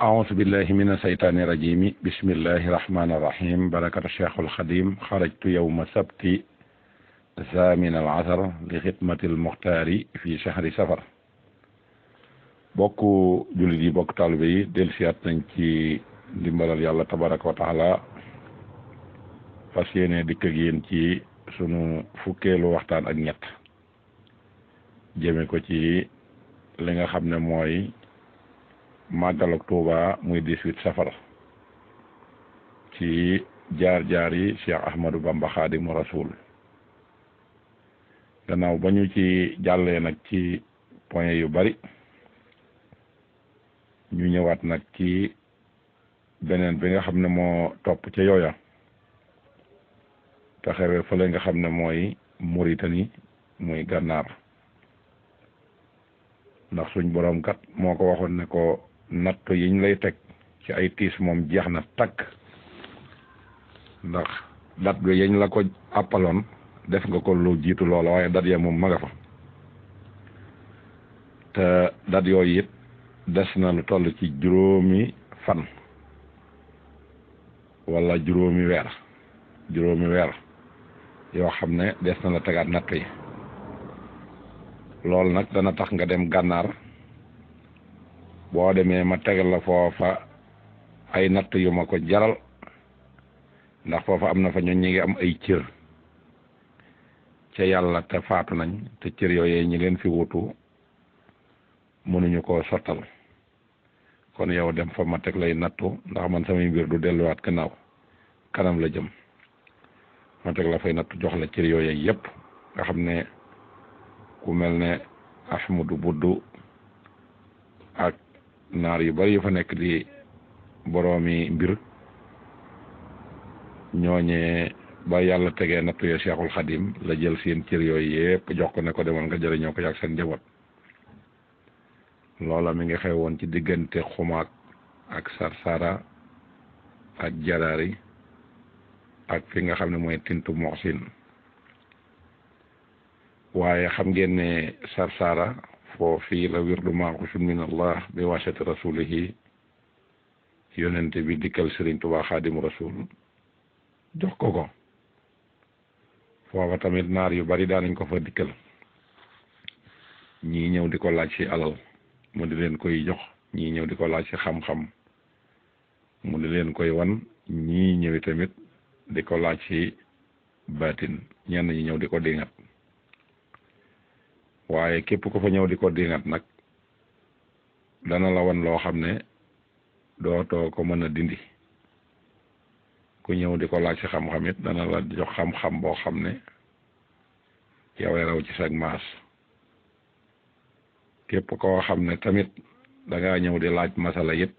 أعوذ بالله من الشيطان الرجيم بسم الله الرحمن الرحيم بركة الشيخ الخديم خرجت يوم سبت الثامن العشر لخدمة المختار في شهر سفر بوكو جلدي بوك طالبي دل سياتن كي دمبال الله تبارك وتعالى فسيني دكجين كي سنو فكيلو وقتان أجنيت جميكو كي لنغا خبنا موي màggal ak Touba muy dix-huit safar ci jaar-jaar yi Cheikh Ahmadou Bamba Xaadimu Rasul gannaaw ba ñu ci jàllee nag ci point yu bari ñu ñëwaat nag ci beneen bi nga xam ne moo topp ca yooya te xewee fële nga xam ne mooy Mauritanie muy gànnaar ndax suñ borom kat moo ko waxoon ne ko natt yiñ lay tek ci ay tis mom jeex na ndax dat go yiñ la ko appalon def nga ko lu jitu lolo waye dat ya mom maga fa te dat yooyu yit des na lu toll ci fan wala juróomi wer, juróomi wer. yo xamne ne des na la tagat natt yi lol nak dana tax nga dem ganar bo demé ma tégal la fofa ay natt yu mako ko jaral ndax fofa amna na fa ñun ñi ngi am ay cër ci yalla te faatu nañ te cër yoyé ñi leen fi wutu ñu ko sotal kon yow dem fa ma teg lay natt ndax man sama mbir du wat kanaw kanam la jëm ma teg la fay natt jox la cër yoyé yépp nga xamné ku melne ahmadu buddu naar yu bari yu fa nekk di boroomi mbir ñooñee ba yàlla tege nattu ya Xadim la jël seen cër yooyu yépp ko ne ko demal nga jëriñoo ko yàgg seen njaboot loola mi ngi xew woon ci diggante xumaak ak sarsara ak jaraari ak fi nga xam ne mooy tintu moxsin waaye xam ngeen ne sarsara foofi la wirdu manqushun min allah bi wasati rasulihi yonente bi dikkal Sëriñ Tuubaa xaadimu rasul jox ko ko foofa tamit naar yu bari daanañ ko fa dikkal ñii ñëw di ko laaj ci alal mu di leen koy jox ñii ñëw di ko laaj ci xam-xam mu di leen koy wan ñii ñëwi tamit di ko laaj ci baatin ñenn ñi ñëw di ko dingat waaye képp ku fa ñëw di ko dingat nag dana la wan loo xam ne dootoo ko mën a dindi ku ñëw di ko laaj ci xam-xam it dana la jox xam-xam boo xam ne yow raw ci sag képp ko xam ne tamit da ngaa ñëw di laaj masala it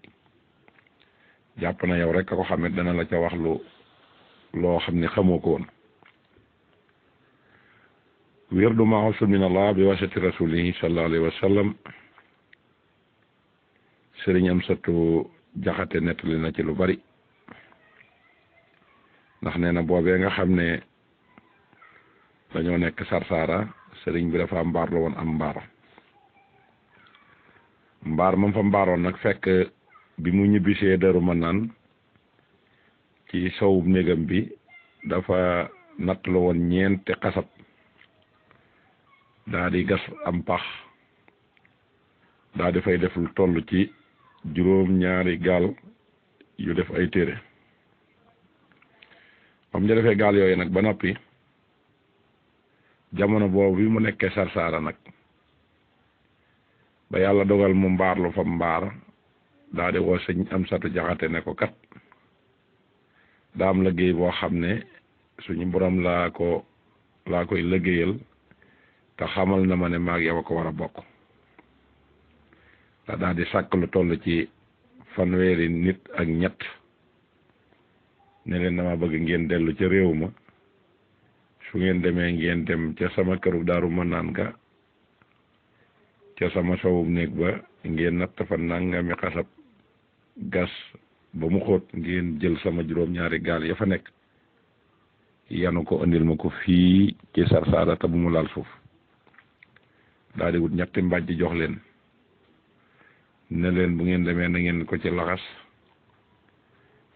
jàpp na yow rek ko xam it dana la ca wax lu loo xam ne xamoo ko wirdu ma usul min Allah bi wasati rasulih sallallahu alaihi wasallam serigne am sattu jaxate netali na ci lu bari ndax neena bobé nga xamné dañoo nekk sarsara serigne bi dafa mbar la won am mbar mbar mom fa mbaron nak bi mu ñibisé ci bi dafa nat la ñent daadi gas am pax daadi fay deful toll ci juróom ñaari gaal yu def ay téere bam ja defee gaal yooyu nag ba noppi jamono boobu bi mu nekkee sarsaara nag ba yàlla dogal mu mbaarlu fa mbaar daa di woo sëñ am satu jaxate ne ko kat daam lëggéey boo xam ne suñu borom laa ko laa koy lëggéeyal ta xamal na ma ne yow ko wara a bokk da di sak lu toll ci fanweeri nit ak ñett ne len dama bëgg ngeen delu ci su ngeen démé ngeen dem ci sama kërub daru ma naan ga ci sama sawu nek ba ngeen natt fa nangami xassab gas ba mu xoot ngeen jël sama juróom-ñaari gaal ya fa nekk yanu ko andil ma ko fii ci sarsaara te bu mu laal suuf dari di wut ñetti mbàjj jox leen ne leen bu ngeen demee na ngeen ko ci laxas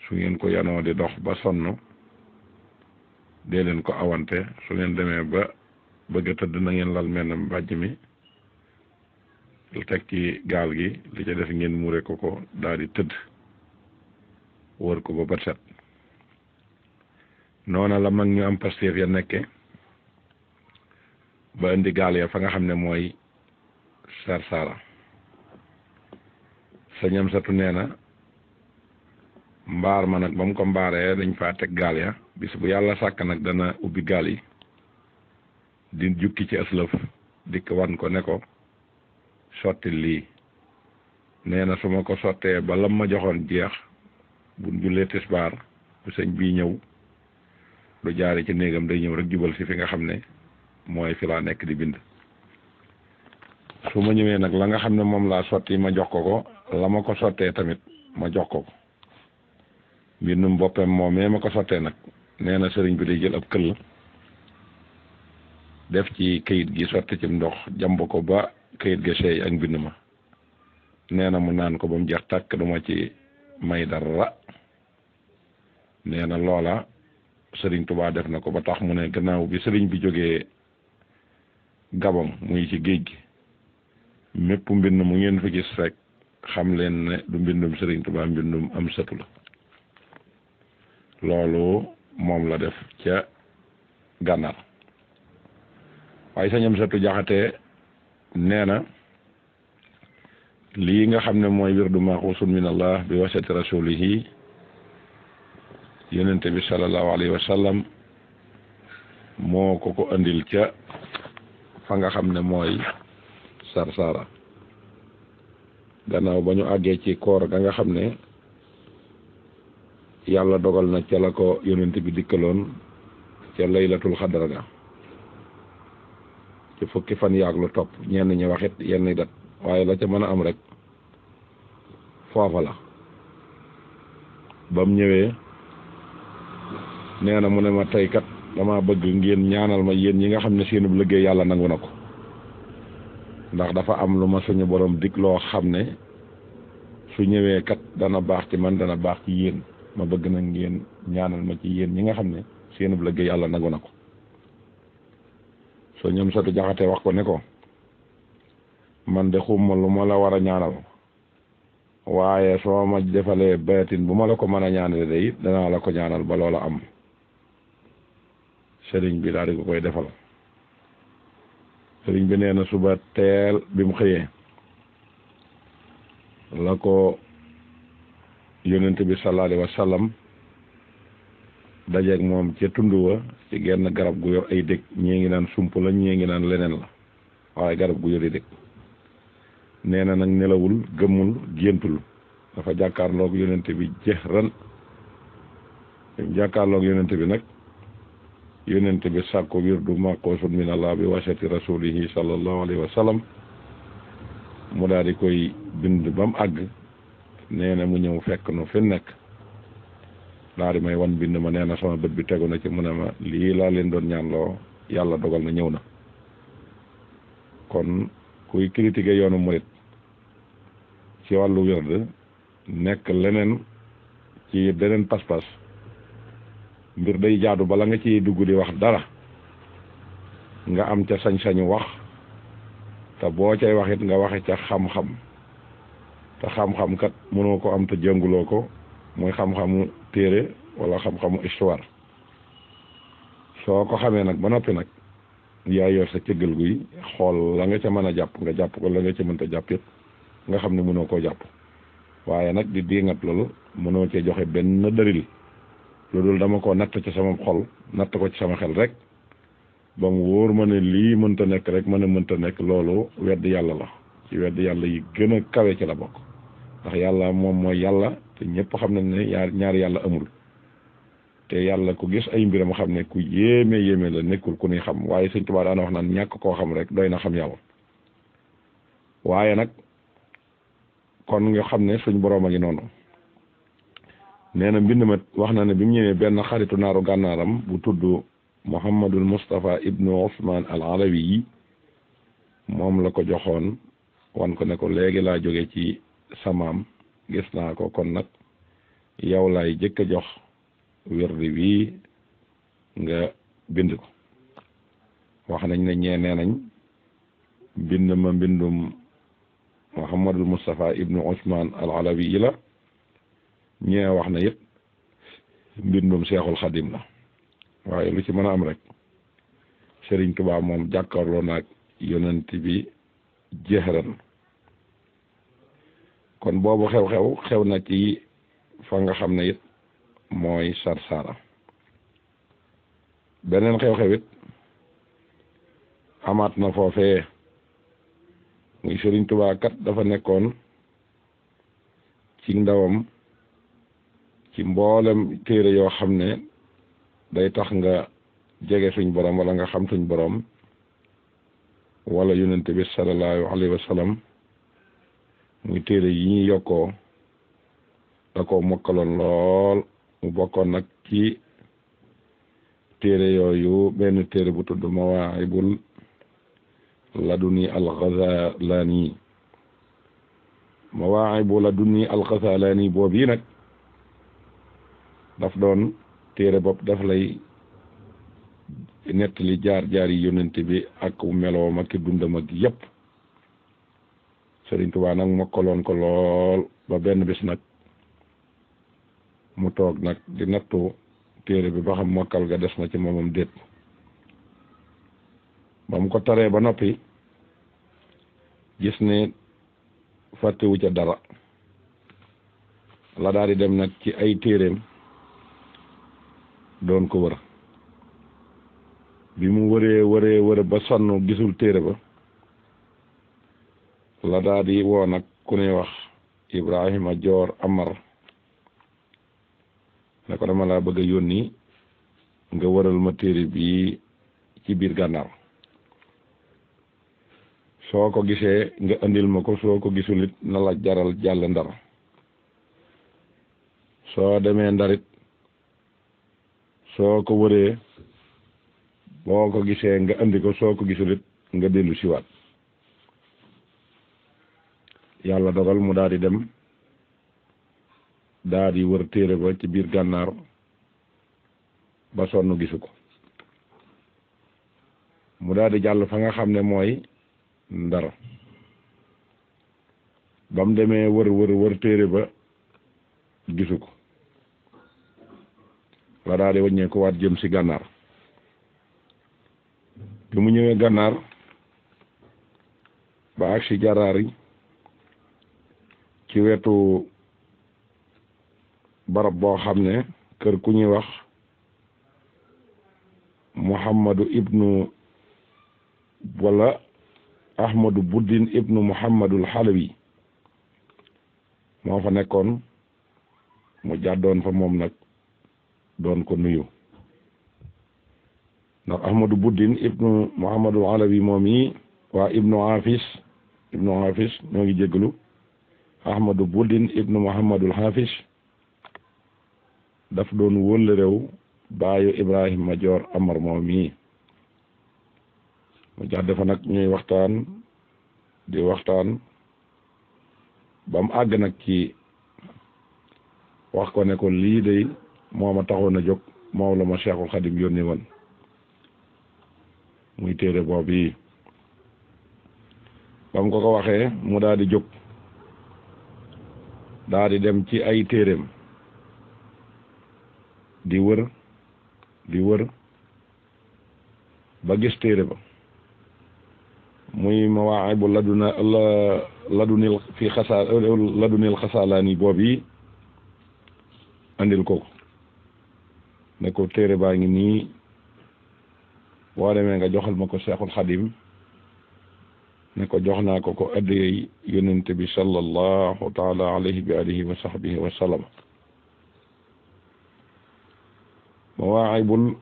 su ngeen ko yanoo di dox ba sonn dee leen ko awante su ngeen demee ba bëgg a tëdd na ngeen lal menn mbàjj mi lu teg ci gaal gi li ca def ngeen muure ko ko daal di tëdd wër ko ba ba set noona la mag ñu am pasteef ya nekkee ba indi gaal ya fa nga xam ne mooy sarsara sëñam Amsatu nee na mbaar ma nag ba mu ko mbaaree dañ faa teg gaal ya bis bu yàlla sàkk nag dana ubbi gaal yi di jukki ci aslëf dikk wan ko ne ko sotti lii nee na su ma ko sottee ba lam ma joxoon jeex bu jullee tisbaar bu sëñ bii ñëw du jaare ci néegam day ñëw rek jubal si fi nga xam ne moy fi la nek di bind suma ma nak la nga xamné mom la soti ma jox ko ko la ma ko soté tamit ma jox ko ko mbindum boppam moomee ma ko soté nak néna sëriñ bi di jël ab kël def ci kayit gi soti ci ndox jambo ko ba kayit ga ak mbind ma mu naan ko bam mu tak duma ci may dara néna loola sëriñ tubaa def nako ba tax mu ne gannaaw bi sëriñ bi jógee gabon mu ngi ci géej gi mépp mbind mu ngeen fa gis rek xam leen ne du mbindum Sëriñ Tuubaa mbindum am sëtu la loolu moom la def ca gànnaar waaye sañam sëtu jaxate nee na lii nga xam ne mooy wirdu maxuusun min allah bi wasati rasulihi yonente bi salallahu alayhi wa sallam moo ko ko andil ca fa nga xamne moy sarsara ganaw bañu agge ci koor ga nga xamne yalla dogal na ci la ko yonent bi dikkalon ci laylatul qadr ga ci fukki fan yaag lu top ñen ñi waxit yenn dat waye la ci mëna am rek fofa la bam ñewé mu ne ma tay kat dama bëgg ngeen ñaanal ma yéen ñi nga xam ne seenub liggéey yàlla nangu na ko ndax dafa am lu ma suñu boroom dig loo xam ne su ñëwee kat dana baax ci man dana baax ci yéen ma bëgg na ngeen ñaanal ma ci yéen ñi nga xam ne seenub liggéey yàlla nangu na ko soo ñoom du jaxate wax ko ne ko man de xumma lu ma la war a ñaanal waaye soo ma defalee baatin bu ma la ko mën a ñaanale de danaa la ko ñaanal ba loola am sëriñ bi daal di ko koy defal sëriñ bi nee na suba teel bi mu xëyee la ko yonent bi sallallahu alayhi wa sallam dajeeg moom ca tund wa ci genn garab gu yor ay dëkk ñii ngi naan sump la ñii ngi naan leneen la waaye garab gu yor ay dëkk nee na nag nelawul gëmmul géntul dafa jàkkaarloog yonent bi jeex ran jàkkaarloog bi nag yonent bi sàkko wirdu maqoosun min allah bi wasati rasulihi sallallahu alayhi wa mu daal di koy bind ba mu àgg nee na mu ñëw fekk nu fi nekk daal di may wan bind ma nee sama bët bi tegu na ci mu ne ma lii laa leen doon ñaanloo yàlla dogal na ñëw na kon kuy critiquer yoonu murit ci wàllu wird nekk leneen ci beneen pas-pas mbir day jaadu bala nga ciy dugg di wax dara nga am ca sañ-sañu wax te boo cay wax nga waxe ca xam-xam te xam-xam kat mënoo ko am te jënguloo ko muy xam-xamu téere walla xam-xamu histoire soo ko xamee nag ba noppi nag yaa yor sa cëggal guy xool la nga ca mën a jàpp nga jàpp ko la nga ca mënta jàpp yëpp nga xam ne mënoo koo jàpp waaye nag di diingat loolu mënoo cee joxe benn dëril loolu dama ko natt ci sama xol natt ko ci sama xel rek ba mu wóor ma ne lii mënta nekk rek ma ne mënta nekk loolu wedd yàlla la ci wedd yàlla yi gën a kawe ci la bokk ndax yàlla moom mooy yàlla te ñëpp xam nañ ne ñaar ñaar yàlla amul te yàlla ku gis ay mbiram xam ne ku yéeme yéeme la nekkul ku ni xam waaye sëñ Tuubaa daana wax naan ñàkk koo xam rek doy na xam yàlla waaye nag kon nga xam ne suñ boroom a ngi noonu nee na mbind ma wax na ne bi mu ñëwee benn xaritu naaru gànnaaram bu tudd Mouhamadul Moustapha ibnu Ousmane al Alawi moom la ko joxoon wan ko ne ko léegi laa jóge ci samaam gis naa ko kon nag yow jëkk a jox wirdi wi nga bind ko wax nañ ne ñee nañ mbind ma mbindum Mouhamadul Moustapha ibnu Ousmane al Alawi yi la ñee wax na yëpp mbindum seexul xadim la waaye lu ci mën a am rek sëriñ tubaa moom jàkkaarloo naag yonent bi jeexran kon boobu xew-xew xew na ci fa nga xam ne it mooy Sarsara beneen xew-xew it amaat na foofe muy Serigne Touba kat dafa nekkoon ci ndawam ci mboolem téere yoo xam ne day tax nga jege suñ borom wala nga xam suñ borom wala yonente bi sallallahu alayhi wa muy téere yi ñuy yokkoo da koo lool mu bokkoon nag ci téere yooyu benn téere bu tudd mawaahibul laduni alxazalani mawaahibu laduni alxazalani boobu yi nag daf doon téré bop daf lay nettali jaar jaar yi yonent bi ak melo ak dundam ak yépp serigne touba nak mokkaloon ko lol ba benn bis nak mu tok nak di natto téré bi ba xam mokkal ga des na ci momam déet ba mu ko taré ba nopi gis ne wu ca dara la daal dem nag ci ay Don ko wër bi mu wëree wëree wër ba sonn gisul téere ba la daa di woo nag ku ne wax Ibrahima Joor Amar ne ko dama laa bëgg a yónni nga wëral ma téere bi ci biir gànnaar soo ko nga andil ma ko soo ko gisulit na la jaral jàll ndar soo demee ndarit soo ko wëree boo ko gisee nga andi ko soo ko gisulit nga dellu siwaat yàlla dogal mu daal di dem daal di wër téere ba ci biir gànnaar ba sonn gisu ko mu daal di jàll fa nga xam ne mooy ndar ba mu demee wër wër wër téere ba gisu ko la daal di wàññee ko waat jëm si gànnaar bi mu ñëwee gànnaar ba ak si jaraari ci wetu barab boo xam ne kër ku ñuy wax Muhammadu ibnu wala Ahmadu Buddin ibnu Muhammadul Halabi moo fa nekkoon mu jàddoon fa moom nag doon ko nuyu ndax ahmadu buddin ibnu muhammadul alawi moom yi waa ibnu haafis ibnu haafis ñoo ngi jéggalu ahmadu buddin ibnu muhammadul haafis daf doon wëlle réew baayu ibrahima joor amar moom yi mu jax dafa ñuy waxtaan di waxtaan ba mu àgg nag ci wax ko ne ko lii day moo ma taxoon a jóg moom la ma Cheikhul Khadim yónni woon muy téere boobu yi ba mu ko ko waxee mu daal di jóg daal di dem ci ay téereem di wër di wër ba gis téere ba muy mawaa'ibu laduna la ladunil fi xasaa ladunil boobu yi andil ko ne ko téere baa ngi nii boo demee nga joxal ma ko seexul xadim ne ko jox naa ko ko addiyey yonente bi sallallahu taala alayhi bi alihi wa sahbihi wa sallam mawaayibul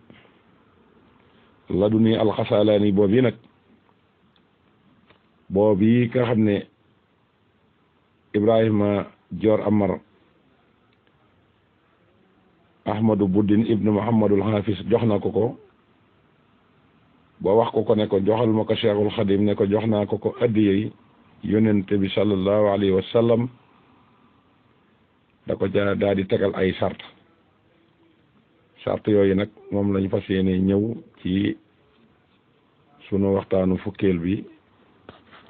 laduni alxasaalaani boobu nag boobu yi nga xam ne Ibrahima Dior Amar ahmadu buddin ibnu muhammadul hafiz jox na ko ko ba wax ko ko ne ko joxal ma ko cheikhul xadim ne ko jox naa ko ko addiyey yonente bi sallallahu alayhi wa sallam da ko ja daal di tegal ay sart sart yooyu nag moom lañ fas yéene ñëw ci sunu waxtaanu fukkeel bi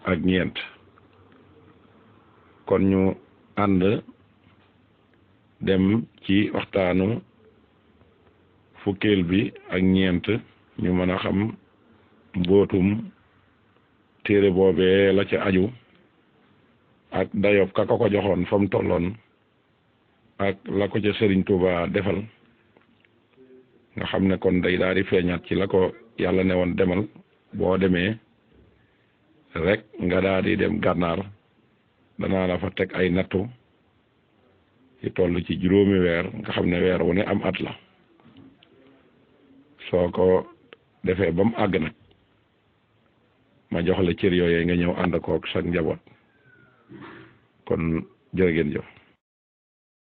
ak ñeent kon ñu ànd dem ci waxtaanu fukkeel bi ak ñeent ñu mën a xam mbootum téere boobee la ca aju ak dayob ka ko joxoon fa tolloon ak lako ko ca Serigne defal nga xam ne kon day daal di feeñaat ci la ko yàlla ne woon demal boo demee rek nga daal dem gànnaar danaa la fa teg ay nattu ci toll ci juróomi weer nga xam ne weer wu ne am at la soo ko defee ba mu àgg nag ma jox la cër yooyee nga ñëw ànd kook sag njaboot kon jërë ngeen jëf